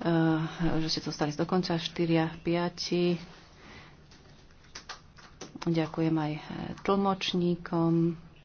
Eh, že ste zostali dokonca 4 a 5. Ďakujem aj eh, tlmočníkom.